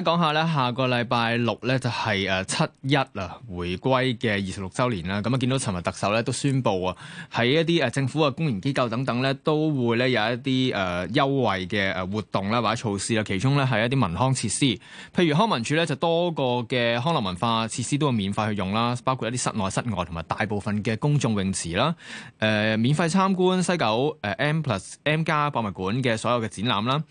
講下咧，下個禮拜六咧就係誒七一啊，回歸嘅二十六週年啦。咁啊，見到尋日特首咧都宣布啊，喺一啲誒政府嘅公營機構等等咧，都會咧有一啲誒優惠嘅誒活動啦，或者措施啦。其中咧係一啲民康設施，譬如康文署咧就多個嘅康樂文化設施都會免費去用啦，包括一啲室內、室外同埋大部分嘅公眾泳池啦。誒、呃，免費參觀西九誒 M 加 M 加博物館嘅所有嘅展覽啦。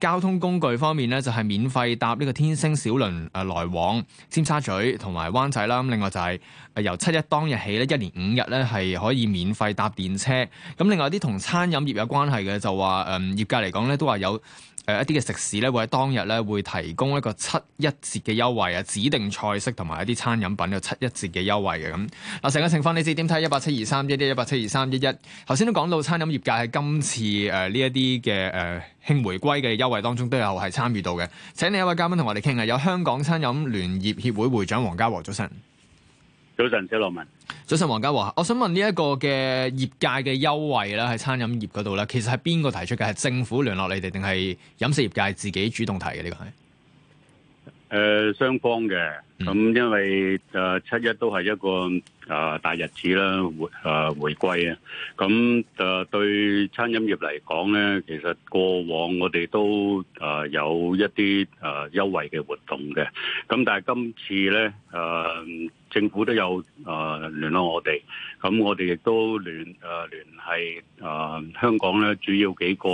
交通工具方面咧，就係免費搭呢個天星小輪誒來往尖沙咀同埋灣仔啦。咁另外就係由七一當日起咧，一連五日咧係可以免費搭電車。咁另外啲同餐飲業有關係嘅，就話誒業界嚟講咧，都話有。誒一啲嘅食肆咧，會喺當日咧會提供一個七一折嘅優惠啊，指定菜式同埋一啲餐飲品有七一折嘅優惠嘅咁。嗱，成個情況，你知點睇一八七二三一一一八七二三一一。頭先都講到餐飲業界喺今次誒呢一啲嘅誒慶回歸嘅優惠當中都有係參與到嘅。請另一位嘉賓同我哋傾下，有香港餐飲聯業協會會長黃家和早晨。早晨，小羅文。早晨，黃家和。我想問呢一個嘅業界嘅優惠啦，喺餐飲業嗰度咧，其實係邊個提出嘅？係政府聯絡你哋，定係飲食業界自己主動提嘅？呢個係。誒雙方嘅。咁，因為誒七一都係一個啊大日子啦，回誒回歸啊，咁誒對餐飲業嚟講咧，其實過往我哋都誒有一啲誒優惠嘅活動嘅，咁但係今次咧誒政府都有誒聯絡我哋，咁我哋亦都聯誒聯繫誒香港咧主要幾個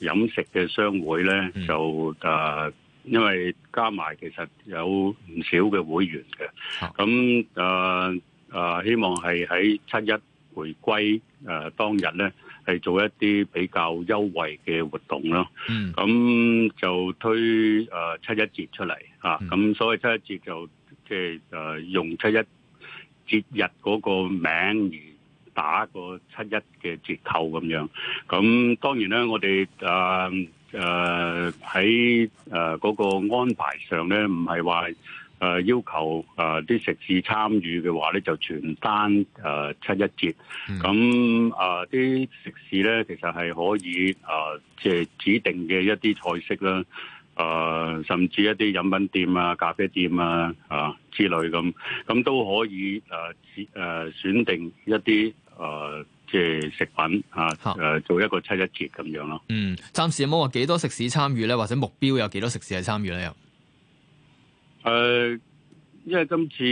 飲食嘅商會咧，就誒、嗯。啊因為加埋其實有唔少嘅會員嘅，咁誒誒希望係喺七一回歸誒、呃、當日咧，係做一啲比較優惠嘅活動咯。咁、嗯、就推誒、呃、七一節出嚟啊！咁所以七一節就即係誒用七一節日嗰個名而打個七一嘅折扣咁樣。咁當然咧，我哋誒。呃誒喺誒嗰個安排上咧，唔係話誒要求誒啲、呃、食肆參與嘅話咧，就全單誒、呃、七一折。咁誒啲食肆咧，其實係可以誒即係指定嘅一啲菜式啦，誒、呃、甚至一啲飲品店啊、咖啡店啊啊之類咁，咁都可以誒誒、呃呃、選定一啲誒。呃即係食品啊，誒哈做一個七一折咁樣咯。嗯，暫時有冇話幾多食肆參與咧？或者目標有幾多食肆係參與咧？又誒、呃，因為今次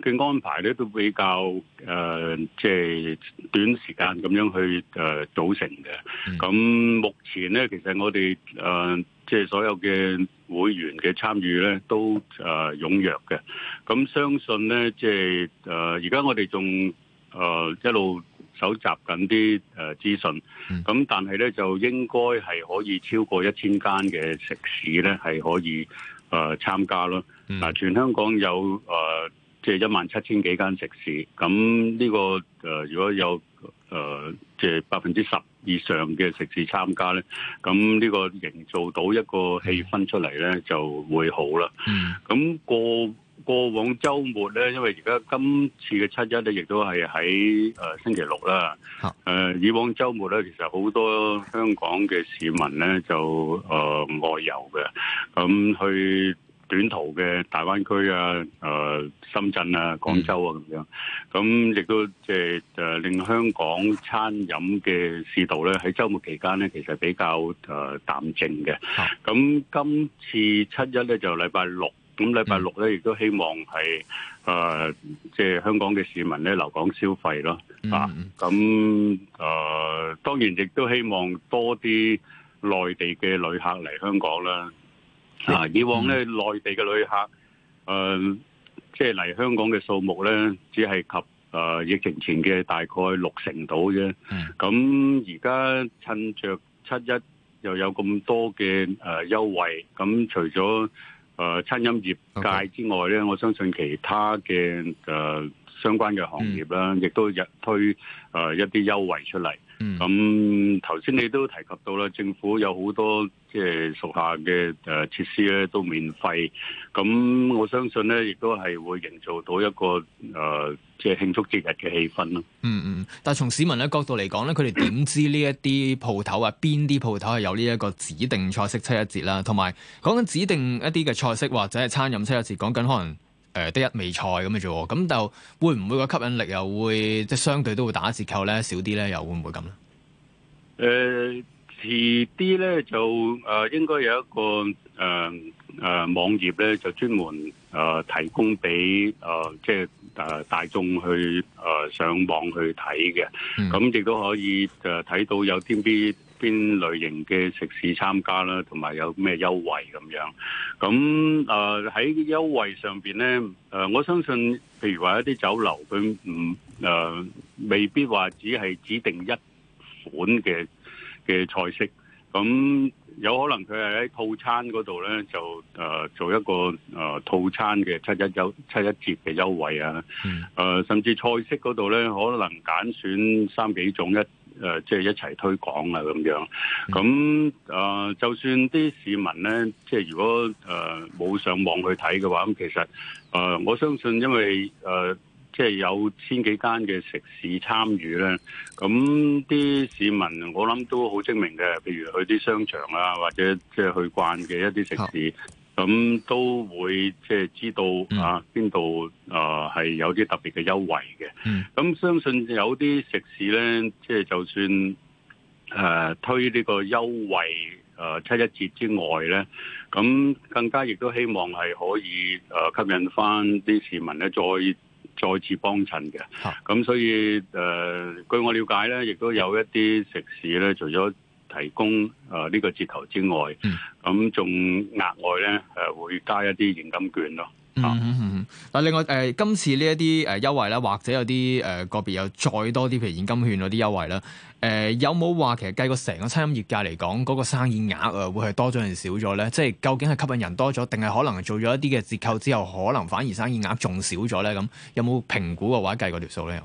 嘅安排咧都比較誒，即、呃、係、就是、短時間咁樣去誒、呃、組成嘅。咁、嗯、目前咧，其實我哋誒即係所有嘅會員嘅參與咧都誒、呃、踴躍嘅。咁相信咧，即係誒而家我哋仲誒一路。搜集緊啲誒資訊，咁、嗯、但係咧就應該係可以超過一千間嘅食肆，咧係可以誒、呃、參加咯。嗱，全香港有誒即係一萬七千幾間食肆，咁呢、呢個誒、呃、如果有誒即係百分之十以上嘅食肆參加咧，咁呢個營造到一個氣氛出嚟咧、嗯、就會好啦。咁個。過往周末咧，因為而家今次嘅七一咧，亦都係喺誒星期六啦。誒、呃，以往周末咧，其實好多香港嘅市民咧就誒、呃、外遊嘅，咁、嗯、去短途嘅大灣區啊、誒、呃、深圳啊、廣州啊咁、嗯、樣。咁、嗯、亦都即係誒令香港餐飲嘅市道咧喺周末期間咧，其實比較誒、呃、淡靜嘅。咁今次七一咧就禮拜六。咁禮拜六咧，亦都希望係誒，即、呃、係、就是、香港嘅市民咧，留港消費咯，啊！咁誒、呃，當然亦都希望多啲內地嘅旅客嚟香港啦。啊！以往咧，內地嘅旅客誒，即係嚟香港嘅數目咧，只係及誒、呃、疫情前嘅大概六成到啫。咁而家趁着七一又有咁多嘅誒、呃、優惠，咁除咗誒餐飲業界之外咧，Okay. 我相信其他嘅誒、呃、相關嘅行業啦、啊，亦、嗯、都日推誒、呃、一啲優惠出嚟。嗯，咁頭先你都提及到啦，政府有好多即係屬下嘅誒設施咧都免費，咁我相信咧亦都係會營造到一個誒即係慶祝節日嘅氣氛咯。嗯嗯，但係從市民嘅角度嚟講咧，佢哋點知呢一啲鋪頭啊，邊啲鋪頭係有呢一個指定菜式七一折啦，同埋講緊指定一啲嘅菜式或者係餐飲七一折，講緊可能。誒得一味菜咁嘅啫喎，咁就會唔會個吸引力又會即係相對都會打折扣咧，少啲咧，又會唔會咁咧？誒，遲啲咧就誒、呃、應該有一個誒誒、呃啊、網頁咧就專門誒、呃、提供俾誒、呃、即係誒大眾去誒、呃、上網去睇嘅，咁亦都可以誒睇到有啲啲，嗯邊類型嘅食肆參加啦，同埋有咩優惠咁樣？咁誒喺優惠上邊呢，誒、呃、我相信，譬如話一啲酒樓佢唔誒，未必話只係指定一款嘅嘅菜式。咁有可能佢係喺套餐嗰度呢，就誒、呃、做一個誒、呃、套餐嘅七一優七一折嘅優惠啊！誒、嗯呃、甚至菜式嗰度呢，可能揀選，選三幾種一。誒，即係一齊推廣啊，咁樣咁誒，就算啲市民呢，即係如果誒冇上網去睇嘅話，咁其實誒、呃，我相信因為誒，即、呃、係有，有千幾間嘅食肆參與呢，咁啲市民我諗都好精明嘅，譬如去啲商場啊，或者即係去慣嘅一啲食肆。咁都會即係知道啊邊度啊係有啲特別嘅優惠嘅。咁相信有啲食肆咧，即係就算誒、呃、推呢個優惠誒、呃、七一折之外咧，咁、嗯、更加亦都希望係可以誒、呃、吸引翻啲市民咧再再次幫襯嘅。咁、啊嗯、所以誒、呃，據我了解咧，亦都有一啲食肆咧，除咗提供誒呢、呃這個折頭之外，咁仲額外咧誒會加一啲現金券咯。嗱、嗯嗯嗯，另外誒、呃、今次呢一啲誒優惠啦，或者有啲誒、呃、個別有再多啲，譬如現金券嗰啲優惠啦，誒、呃、有冇話其實計過成個餐飲業界嚟講，嗰、那個生意額誒會係多咗定少咗咧？即係究竟係吸引人多咗，定係可能做咗一啲嘅折扣之後，可能反而生意額仲少咗咧？咁有冇評估嘅話計過條數咧？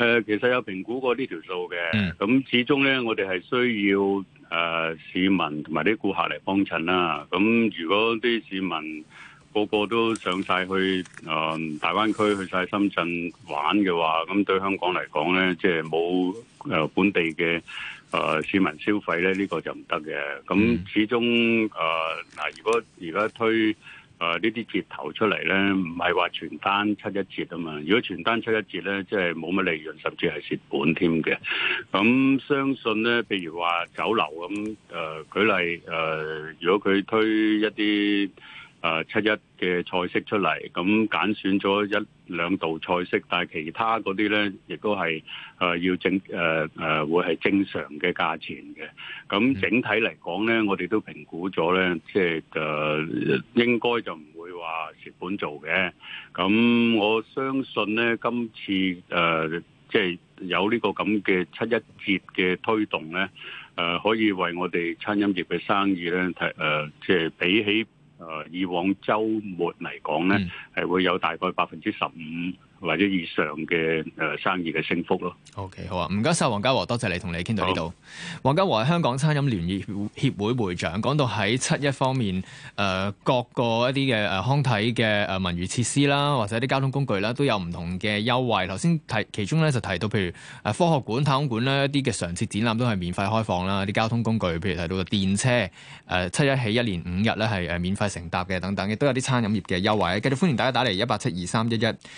誒，其實有評估過呢條數嘅，咁始終呢，我哋係需要誒、呃、市民同埋啲顧客嚟幫襯啦。咁如果啲市民個個都上晒去誒、呃、大灣區去晒深圳玩嘅話，咁對香港嚟講呢，即係冇誒本地嘅誒、呃、市民消費呢，呢、呢個就唔得嘅。咁始終誒嗱、呃，如果而家推。誒呢啲折頭出嚟呢，唔係話全單七一折啊嘛！如果全單七一折呢，即係冇乜利潤，甚至係蝕本添嘅。咁、嗯、相信呢，譬如話酒樓咁，誒、呃、舉例誒、呃，如果佢推一啲。誒七一嘅菜式出嚟，咁揀選咗一兩道菜式，但係其他嗰啲呢，亦都係誒要正誒誒會係正常嘅價錢嘅。咁整體嚟講呢，我哋都評估咗呢，即係誒應該就唔會話蝕本做嘅。咁我相信呢，今次誒即係有呢個咁嘅七一折嘅推動呢，誒可以為我哋餐飲業嘅生意呢，誒即係比起。誒以往周末嚟講，呢係、嗯、會有大概百分之十五。或者以上嘅誒生意嘅升幅咯。O、okay, K，好啊，唔該晒。黃家和，多謝你同你傾到呢度。黃好家和係香港餐飲聯業協會會長。講到喺七一方面誒、呃，各個一啲嘅誒康體嘅誒文娛設施啦，或者啲交通工具啦，都有唔同嘅優惠。頭先提其中咧就提到，譬如誒科學館、太空館啦，一啲嘅常設展覽都係免費開放啦。啲交通工具譬如提到電車誒、呃，七一起一年五日咧係誒免費乘搭嘅，等等亦都有啲餐飲業嘅優惠。繼續歡迎大家打嚟一八七二三一一。